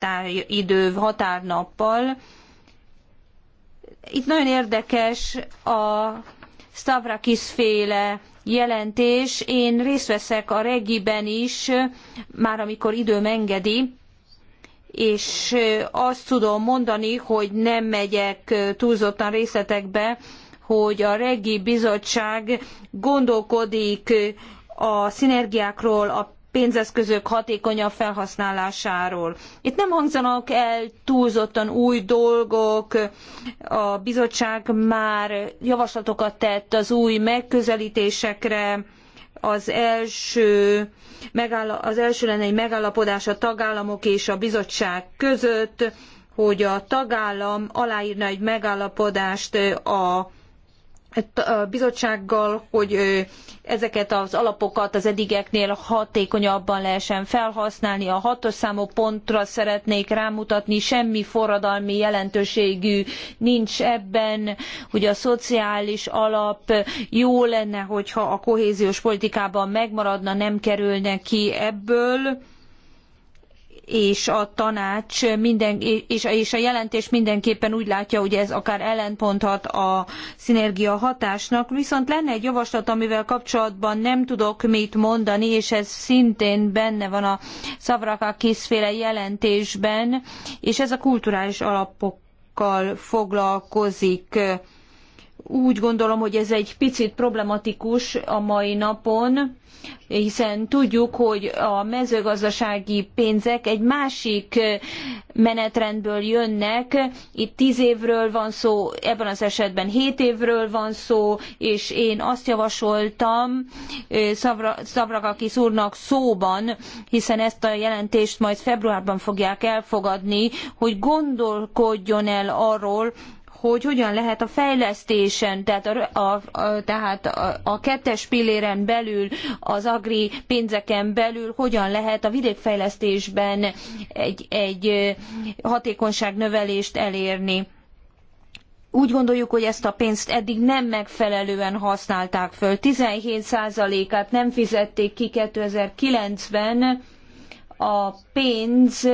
határidő, határnappal. Itt nagyon érdekes a Stavrakis féle jelentés. Én részt veszek a regiben is, már amikor időm engedi, és azt tudom mondani, hogy nem megyek túlzottan részletekbe, hogy a regi bizottság gondolkodik a szinergiákról, a pénzeszközök hatékonyabb felhasználásáról. Itt nem hangzanak el túlzottan új dolgok, a bizottság már javaslatokat tett az új megközelítésekre, az első, az első lenne egy megállapodás a tagállamok és a bizottság között, hogy a tagállam aláírna egy megállapodást a a bizottsággal, hogy ezeket az alapokat az eddigeknél hatékonyabban lehessen felhasználni. A hatos számú pontra szeretnék rámutatni, semmi forradalmi jelentőségű nincs ebben, hogy a szociális alap jó lenne, hogyha a kohéziós politikában megmaradna, nem kerülne ki ebből és a tanács minden, és, a, és a jelentés mindenképpen úgy látja, hogy ez akár ellenponthat a szinergia hatásnak. Viszont lenne egy javaslat, amivel kapcsolatban nem tudok mit mondani, és ez szintén benne van a Szavrakakis féle jelentésben, és ez a kulturális alapokkal foglalkozik úgy gondolom, hogy ez egy picit problematikus a mai napon, hiszen tudjuk, hogy a mezőgazdasági pénzek egy másik menetrendből jönnek. Itt tíz évről van szó, ebben az esetben hét évről van szó, és én azt javasoltam Szavra, Szavrakakis úrnak szóban, hiszen ezt a jelentést majd februárban fogják elfogadni, hogy gondolkodjon el arról, hogy hogyan lehet a fejlesztésen, tehát a, a, a, tehát a, a kettes pilléren belül, az agri pénzeken belül, hogyan lehet a vidékfejlesztésben egy, egy hatékonyságnövelést elérni úgy gondoljuk, hogy ezt a pénzt eddig nem megfelelően használták föl. 17%-át nem fizették ki 2009-ben. A pénz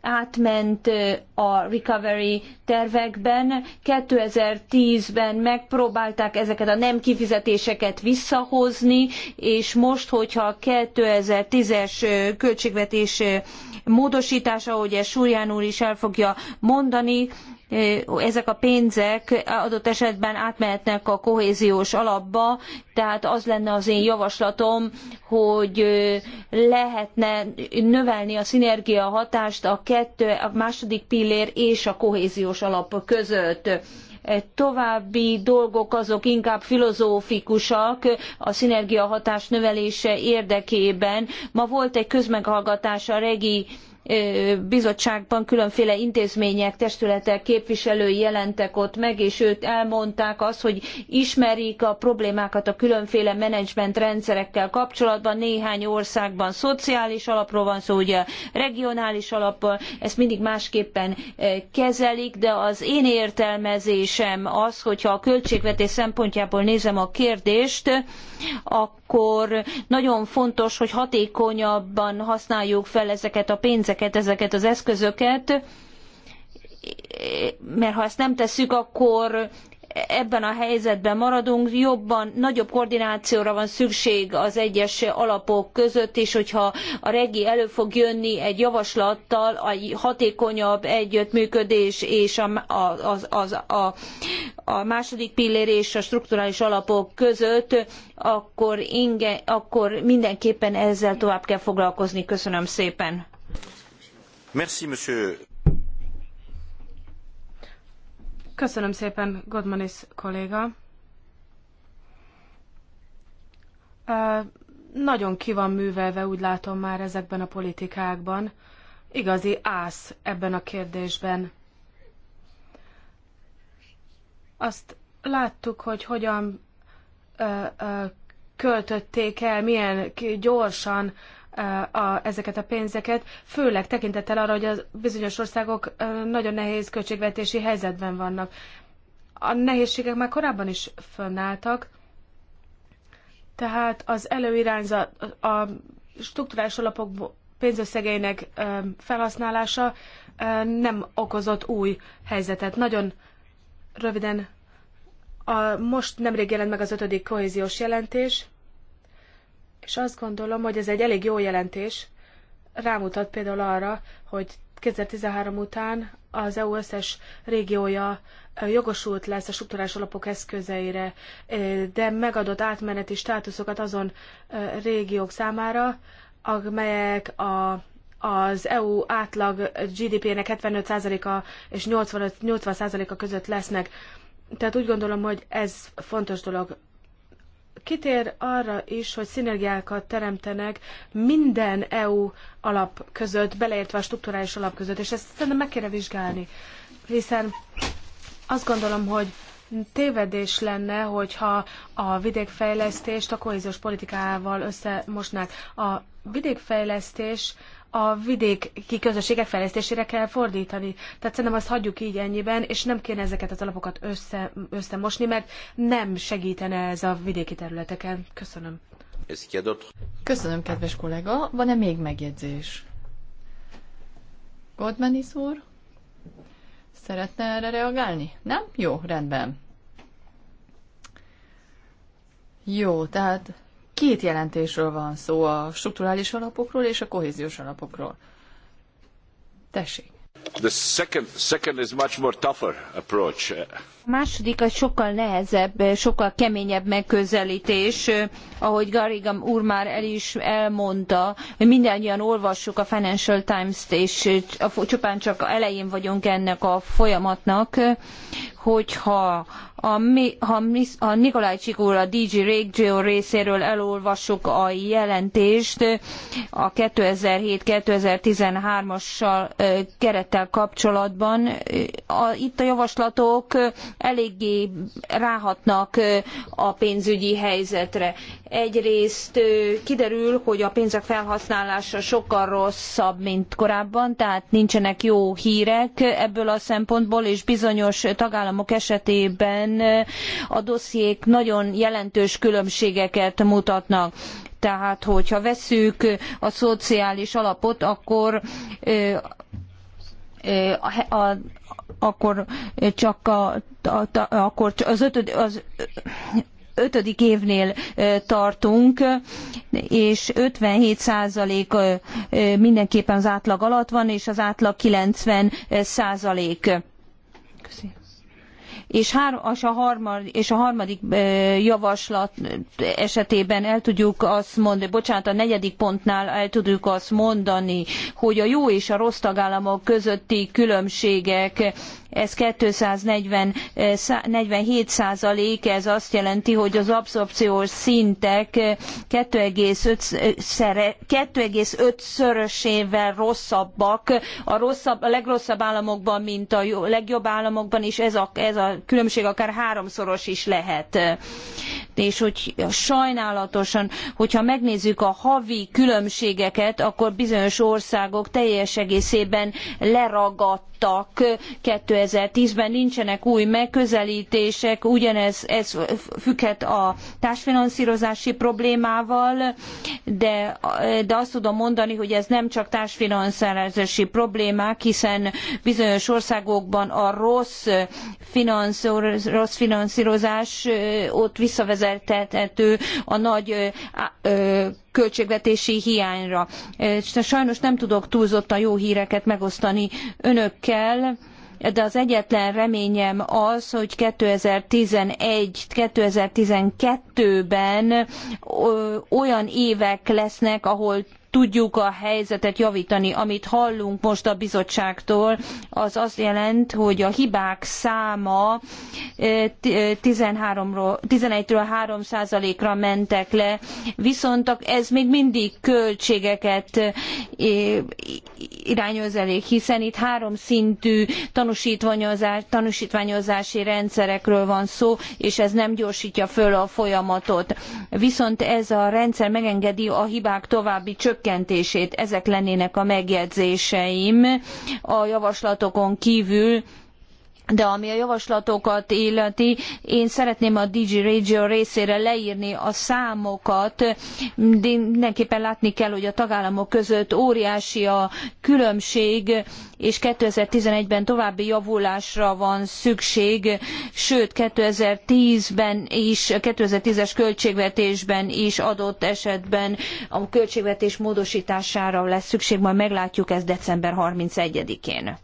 átment a Recovery tervekben 2010-ben megpróbálták ezeket a nem kifizetéseket visszahozni, és most, hogyha a 2010-es költségvetés módosítása, ahogy ezt Súrján úr is el fogja mondani, ezek a pénzek adott esetben átmehetnek a kohéziós alapba, tehát az lenne az én javaslatom, hogy lehetne növelni a szinergia hatást a, kettő, a második pillér és a kohéziós uniós alap között. E, további dolgok azok inkább filozófikusak a szinergiahatás növelése érdekében. Ma volt egy közmeghallgatás a regi bizottságban különféle intézmények, testületek képviselői jelentek ott meg, és őt elmondták azt, hogy ismerik a problémákat a különféle menedzsment rendszerekkel kapcsolatban. Néhány országban szociális alapról van szó, ugye regionális alapról, ezt mindig másképpen kezelik, de az én értelmezésem az, hogyha a költségvetés szempontjából nézem a kérdést, akkor nagyon fontos, hogy hatékonyabban használjuk fel ezeket a pénzeket ezeket, ezeket az eszközöket, mert ha ezt nem tesszük, akkor ebben a helyzetben maradunk, jobban, nagyobb koordinációra van szükség az egyes alapok között, és hogyha a regi elő fog jönni egy javaslattal, a hatékonyabb együttműködés és a, az, az, a, a második pillér és a strukturális alapok között, akkor, inge, akkor mindenképpen ezzel tovább kell foglalkozni. Köszönöm szépen. Köszönöm szépen, Godmanis kolléga. nagyon ki van művelve, úgy látom már ezekben a politikákban. Igazi ász ebben a kérdésben. Azt láttuk, hogy hogyan ö, ö, költötték el, milyen gyorsan a, ezeket a pénzeket, főleg tekintettel arra, hogy a bizonyos országok nagyon nehéz költségvetési helyzetben vannak. A nehézségek már korábban is fönnálltak, tehát az előirányzat, a strukturális alapok pénzösszegeinek felhasználása nem okozott új helyzetet. Nagyon röviden, a, most nemrég jelent meg az ötödik kohéziós jelentés, és azt gondolom, hogy ez egy elég jó jelentés. Rámutat például arra, hogy 2013 után az EU összes régiója jogosult lesz a struktúrás alapok eszközeire, de megadott átmeneti státuszokat azon régiók számára, amelyek a az EU átlag GDP-nek 75%-a és 85, 80%-a között lesznek. Tehát úgy gondolom, hogy ez fontos dolog kitér arra is, hogy szinergiákat teremtenek minden EU alap között, beleértve a strukturális alap között, és ezt szerintem meg kéne vizsgálni, hiszen azt gondolom, hogy tévedés lenne, hogyha a vidékfejlesztést a kohéziós politikával összemosnák. A vidékfejlesztés a vidéki közösségek fejlesztésére kell fordítani. Tehát szerintem azt hagyjuk így ennyiben, és nem kéne ezeket az alapokat össze, összemosni, mert nem segítene ez a vidéki területeken. Köszönöm. Köszönöm, kedves kollega. Van-e még megjegyzés? Godmanis úr? Szeretne erre reagálni? Nem? Jó, rendben. Jó, tehát Két jelentésről van szó, a strukturális alapokról és a kohéziós alapokról. Tessék. The second, second is much more tougher approach. A második az sokkal nehezebb, sokkal keményebb megközelítés, ahogy Garriga úr már el is elmondta, mindannyian olvassuk a Financial Times-t, és csupán csak elején vagyunk ennek a folyamatnak, hogyha a, ha a Nikolaj Csikúr a DG Régió részéről elolvassuk a jelentést a 2007-2013-as kerettel kapcsolatban. A, itt a javaslatok eléggé ráhatnak a pénzügyi helyzetre. Egyrészt kiderül, hogy a pénzek felhasználása sokkal rosszabb, mint korábban, tehát nincsenek jó hírek ebből a szempontból, és bizonyos tagállamok esetében hiszen a dossziék nagyon jelentős különbségeket mutatnak tehát hogyha veszük a szociális alapot, akkor a, akkor csak a, a, a akkor az, ötöd, az ötödik évnél tartunk, és 57 százalék mindenképpen az átlag alatt van, és az átlag 90 százalék. Köszönöm és, három, és, a harmadik, és a harmadik javaslat esetében el tudjuk azt mondani, bocsánat, a negyedik pontnál el tudjuk azt mondani, hogy a jó és a rossz tagállamok közötti különbségek ez 247 eh, százalék, ez azt jelenti, hogy az abszorpciós szintek five eh, eh, szörösével rosszabbak, a, rosszabb, a legrosszabb államokban, mint a legjobb államokban, és ez a, ez a különbség akár háromszoros is lehet és hogy sajnálatosan, hogyha megnézzük a havi különbségeket, akkor bizonyos országok teljes egészében leragadtak 2010-ben, nincsenek új megközelítések, ugyanez ez függhet a társfinanszírozási problémával, de, de azt tudom mondani, hogy ez nem csak társfinanszírozási problémák, hiszen bizonyos országokban a rossz, finansz, rossz finanszírozás ott visszavezet elképzelhető a nagy költségvetési hiányra. Sajnos nem tudok túlzottan jó híreket megosztani önökkel de az egyetlen reményem az, hogy 2011-2012-ben olyan évek lesznek, ahol tudjuk a helyzetet javítani. Amit hallunk most a bizottságtól, az azt jelent, hogy a hibák száma 13 11-ről 3 ra mentek le, viszont ez még mindig költségeket eh, irányoz elég, hiszen itt háromszintű tanúsítványozás, tanúsítványozási rendszerekről van szó, és ez nem gyorsítja föl a folyamatot. Viszont ez a rendszer megengedi a hibák további csökkentését csökkentését. Ezek lennének a megjegyzéseim a javaslatokon kívül de ami a javaslatokat illeti, én szeretném a DG Regio részére leírni a számokat. Mindenképpen látni kell, hogy a tagállamok között óriási a különbség, és 2011-ben további javulásra van szükség, sőt 2010-ben is, 2010-es költségvetésben is adott esetben a költségvetés módosítására lesz szükség, majd meglátjuk ezt december 31-én.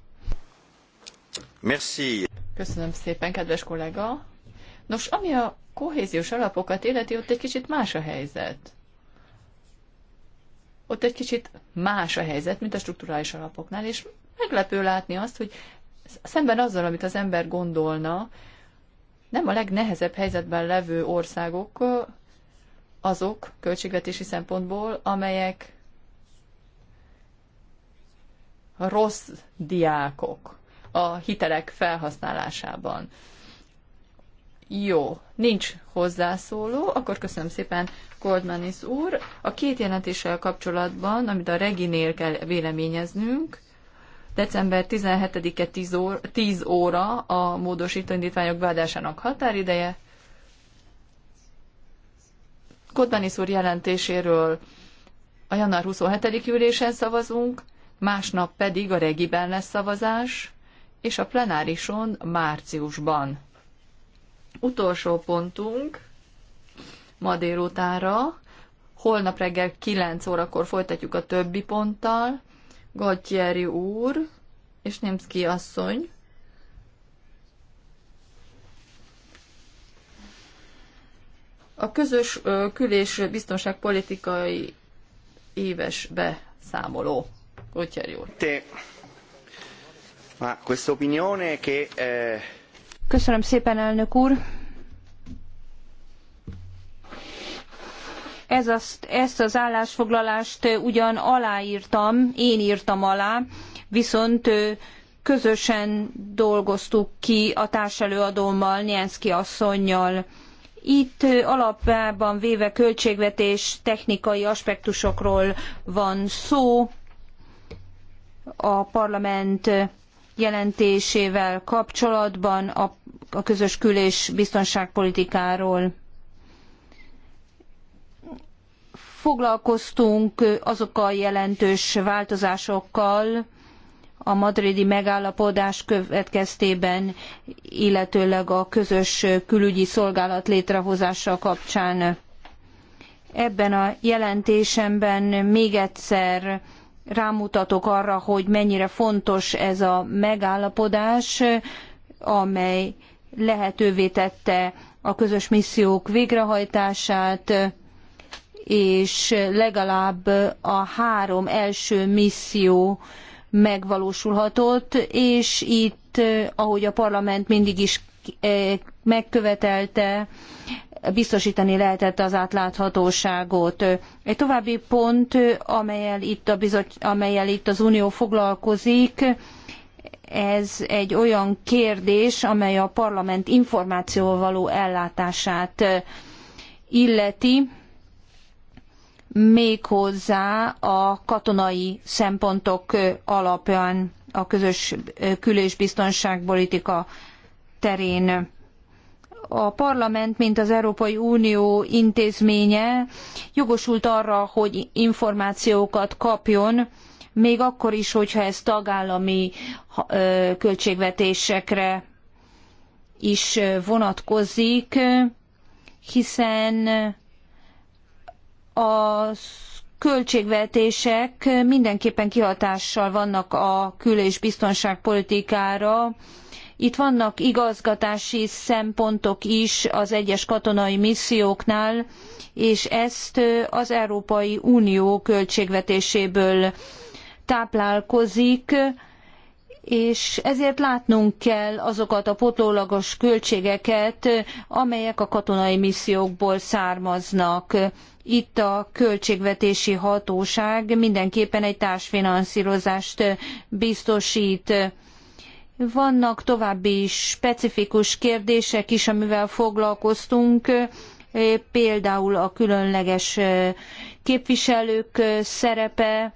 Merci. Köszönöm szépen, kedves kollega. Nos, ami a kohéziós alapokat illeti, ott egy kicsit más a helyzet. Ott egy kicsit más a helyzet, mint a strukturális alapoknál, és meglepő látni azt, hogy szemben azzal, amit az ember gondolna, nem a legnehezebb helyzetben levő országok azok költségvetési szempontból, amelyek rossz diákok a hitelek felhasználásában. Jó, nincs hozzászóló, akkor köszönöm szépen Goldmanis úr. A két jelentéssel kapcsolatban, amit a Reginél kell véleményeznünk, december 17-e 10 óra, 10 óra a módosító indítványok vádásának határideje. Kodbanis úr jelentéséről a január 27. ülésen szavazunk, másnap pedig a regiben lesz szavazás, és a plenárison márciusban. Utolsó pontunk ma délutánra, holnap reggel 9 órakor folytatjuk a többi ponttal, Gatyeri úr és Nemszki asszony. A közös külés biztonságpolitikai éves beszámoló. Gatyeri úr. Té. Eh, Köszönöm szépen, ezt az állásfoglalást eh, ugyan aláírtam, én írtam alá, viszont eh, közösen dolgoztuk ki a társelőadómmal, Nyenszki asszonnyal. Itt alapjában véve költségvetés technikai aspektusokról van szó. A parlament jelentésével kapcsolatban a, a közös kül- és biztonságpolitikáról. Foglalkoztunk azokkal a jelentős változásokkal, a madridi megállapodás következtében, illetőleg a közös külügyi szolgálat létrehozása kapcsán. Ebben a jelentésemben még egyszer rámutatok arra, hogy mennyire fontos ez a megállapodás, amely lehetővé tette a közös missziók végrehajtását, és legalább a három első misszió megvalósulhatott, és itt, ahogy a parlament mindig is eh, megkövetelte, biztosítani lehetett az átláthatóságot. Egy további pont, amelyel itt, a bizot, amelyel itt az Unió foglalkozik, ez egy olyan kérdés, amely a parlament információval való ellátását illeti, méghozzá a katonai szempontok alapján a közös kül- és biztonságpolitika terén a parlament, mint az Európai Unió intézménye jogosult arra, hogy információkat kapjon, még akkor is, hogyha ez tagállami költségvetésekre is vonatkozik, hiszen a költségvetések mindenképpen kihatással vannak a kül- és biztonságpolitikára, itt vannak igazgatási szempontok is az egyes katonai misszióknál, és ezt az Európai Unió költségvetéséből táplálkozik, és ezért látnunk kell azokat a potlólagos költségeket, amelyek a katonai missziókból származnak. Itt a költségvetési hatóság mindenképpen egy társfinanszírozást biztosít vannak további specifikus kérdések is, amivel foglalkoztunk, eh, például a különleges eh, képviselők eh, szerepe,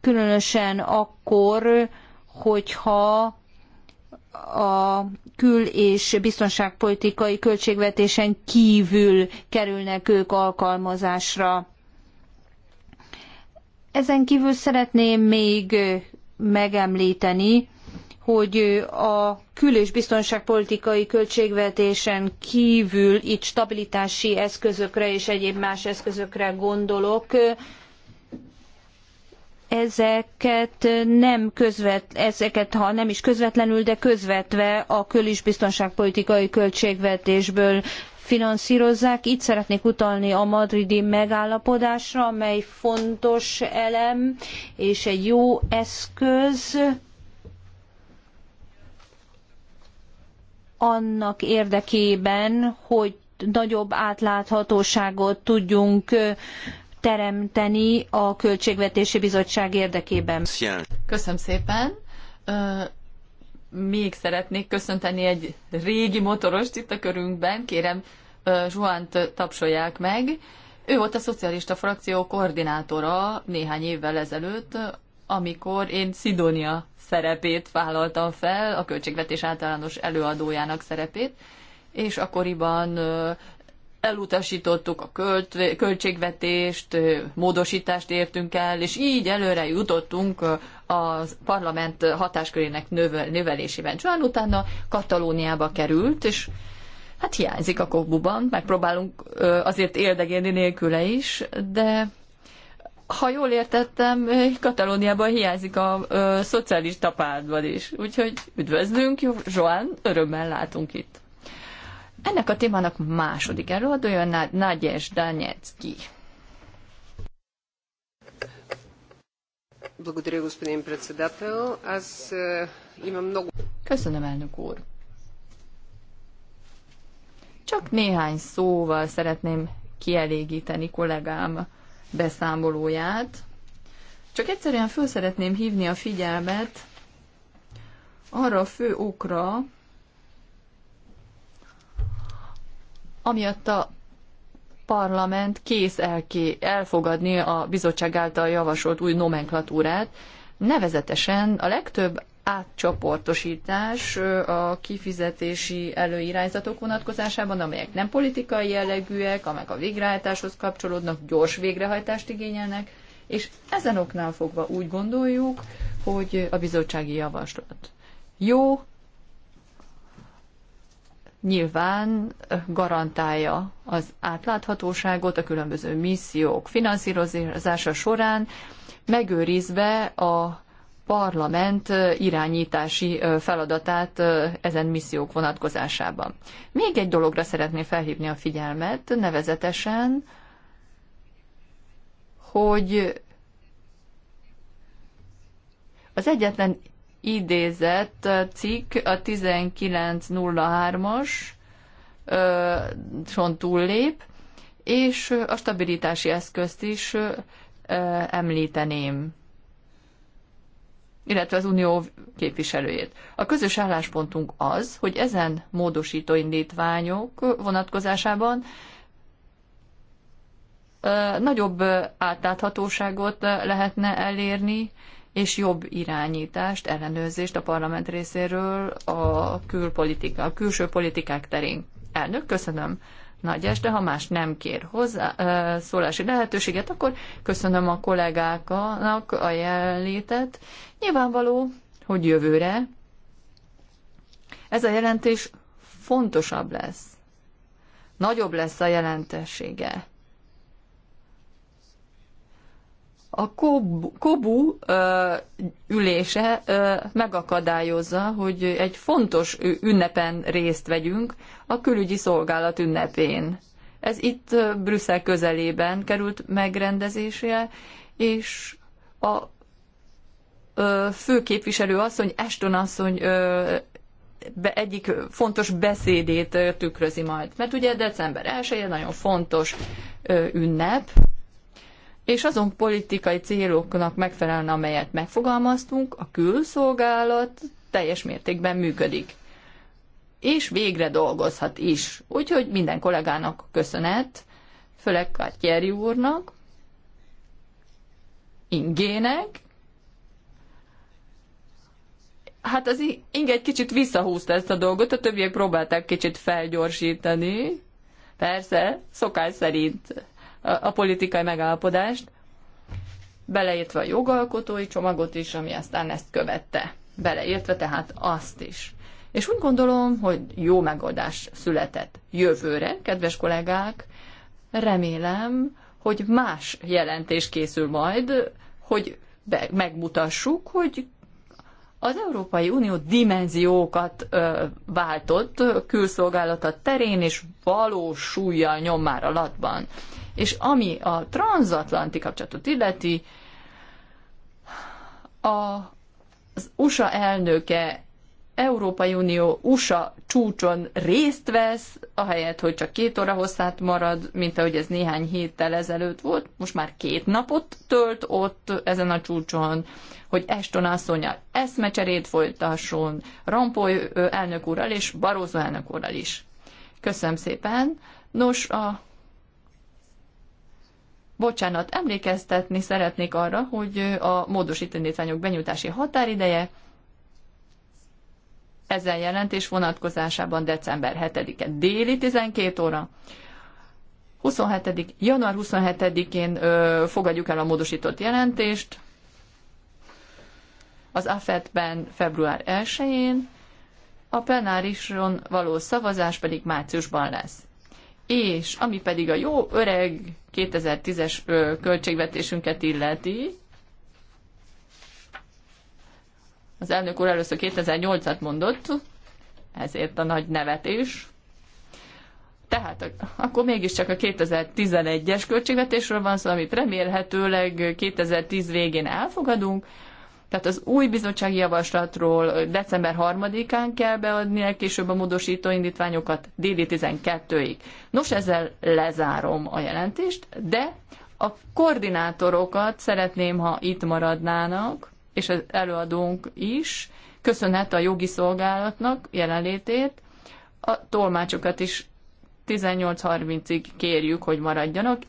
különösen akkor, hogyha a kül- és biztonságpolitikai költségvetésen kívül kerülnek ők alkalmazásra. Ezen kívül szeretném még megemlíteni, hogy a kül- és biztonságpolitikai költségvetésen kívül itt stabilitási eszközökre és egyéb más eszközökre gondolok, ezeket nem közvet, ezeket ha nem is közvetlenül, de közvetve a kül- és biztonságpolitikai költségvetésből finanszírozzák. Itt szeretnék utalni a madridi megállapodásra, amely fontos elem és egy jó eszköz annak érdekében, hogy nagyobb átláthatóságot tudjunk teremteni a Költségvetési Bizottság érdekében. Köszönöm szépen. Még szeretnék köszönteni egy régi motorost itt a körünkben. Kérem, Zsuánt tapsolják meg. Ő volt a szocialista frakció koordinátora néhány évvel ezelőtt, amikor én Szidónia szerepét vállaltam fel, a költségvetés általános előadójának szerepét, és akkoriban elutasítottuk a költ, költségvetést, módosítást értünk el, és így előre jutottunk a parlament hatáskörének növel, növelésében. Csán utána Katalóniába került, és hát hiányzik a kobuban, megpróbálunk azért érdegélni nélküle is, de ha jól értettem, eh, Katalóniában hiányzik a ö, szocialista pártban is. Úgyhogy üdvözlünk, Joan, örömmel látunk itt. Ennek a témának második előadója Nagyes Danyecki. Köszönöm, elnök úr. Csak néhány szóval szeretném kielégíteni kollégám beszámolóját. Csak egyszerűen föl szeretném hívni a figyelmet arra a fő okra, amiatt a parlament kész elfogadni a bizottság által javasolt új nomenklatúrát, nevezetesen a legtöbb átcsoportosítás a kifizetési előirányzatok vonatkozásában, amelyek nem politikai jellegűek, amelyek a végrehajtáshoz kapcsolódnak, gyors végrehajtást igényelnek, és ezen oknál fogva úgy gondoljuk, hogy a bizottsági javaslat jó, nyilván garantálja az átláthatóságot a különböző missziók finanszírozása során, megőrizve a parlament irányítási feladatát ezen missziók vonatkozásában. Még egy dologra szeretném felhívni a figyelmet, nevezetesen, hogy az egyetlen idézett cikk a 1903-as, son túllép, és a stabilitási eszközt is említeném illetve az Unió képviselőjét. A közös álláspontunk az, hogy ezen módosító indítványok vonatkozásában nagyobb átláthatóságot lehetne elérni, és jobb irányítást, ellenőrzést a parlament részéről a külpolitika, a külső politikák terén. Elnök, köszönöm es, de ha más nem kér hozzá szólási lehetőséget, akkor köszönöm a kollégáknak a jelenlétet. Nyilvánvaló, hogy jövőre ez a jelentés fontosabb lesz. Nagyobb lesz a jelentősége. a Kobu, Kobu ö, ülése ö, megakadályozza, hogy egy fontos ünnepen részt vegyünk, a külügyi szolgálat ünnepén. Ez itt ö, Brüsszel közelében került megrendezésre, és a ö, főképviselő asszony, Eston asszony ö, be, egyik fontos beszédét tükrözi majd. Mert ugye december 1 nagyon fontos ünnep, és azon politikai céloknak megfelelne, amelyet megfogalmaztunk, a külszolgálat teljes mértékben működik. És végre dolgozhat is. Úgyhogy minden kollégának köszönet, főleg Kátyeri úrnak, ingének. Hát az inge egy kicsit visszahúzta ezt a dolgot, a többiek próbálták kicsit felgyorsítani. Persze, szokás szerint a politikai megállapodást, beleértve a jogalkotói csomagot is, ami aztán ezt követte. Beleértve tehát azt is. És úgy gondolom, hogy jó megoldás született jövőre, kedves kollégák. Remélem, hogy más jelentés készül majd, hogy be, megmutassuk, hogy az Európai Unió dimenziókat ö, váltott külszolgálata terén, és valós súlyjal nyom már van. És ami a transatlanti kapcsolatot illeti, a, az USA elnöke Európai Unió USA csúcson részt vesz, ahelyett, hogy csak két óra hosszát marad, mint ahogy ez néhány héttel ezelőtt volt, most már két napot tölt ott ezen a csúcson, hogy Eston asszonyal eszmecserét folytasson, Rampoly elnök úrral és Barózó elnök úrral is. Köszönöm szépen. Nos, a Bocsánat, emlékeztetni szeretnék arra, hogy a módosítanítványok benyújtási határideje ezen jelentés vonatkozásában december 7-e déli 12 óra. 27. január 27-én fogadjuk el a módosított jelentést, az AFET-ben február 1-én, a plenárison való szavazás pedig márciusban lesz. És ami pedig a jó öreg 2010-es költségvetésünket illeti, az elnök úr először 2008-at mondott, ezért a nagy nevetés. Tehát akkor mégiscsak a 2011-es költségvetésről van szó, amit remélhetőleg 2010 végén elfogadunk, tehát az új bizottsági javaslatról december 3-án kell beadni el később a módosító indítványokat déli 12-ig. Nos, ezzel lezárom a jelentést, de a koordinátorokat szeretném, ha itt maradnának, és az előadónk is, köszönhet a jogi szolgálatnak jelenlétét, a tolmácsokat is 18.30-ig kérjük, hogy maradjanak.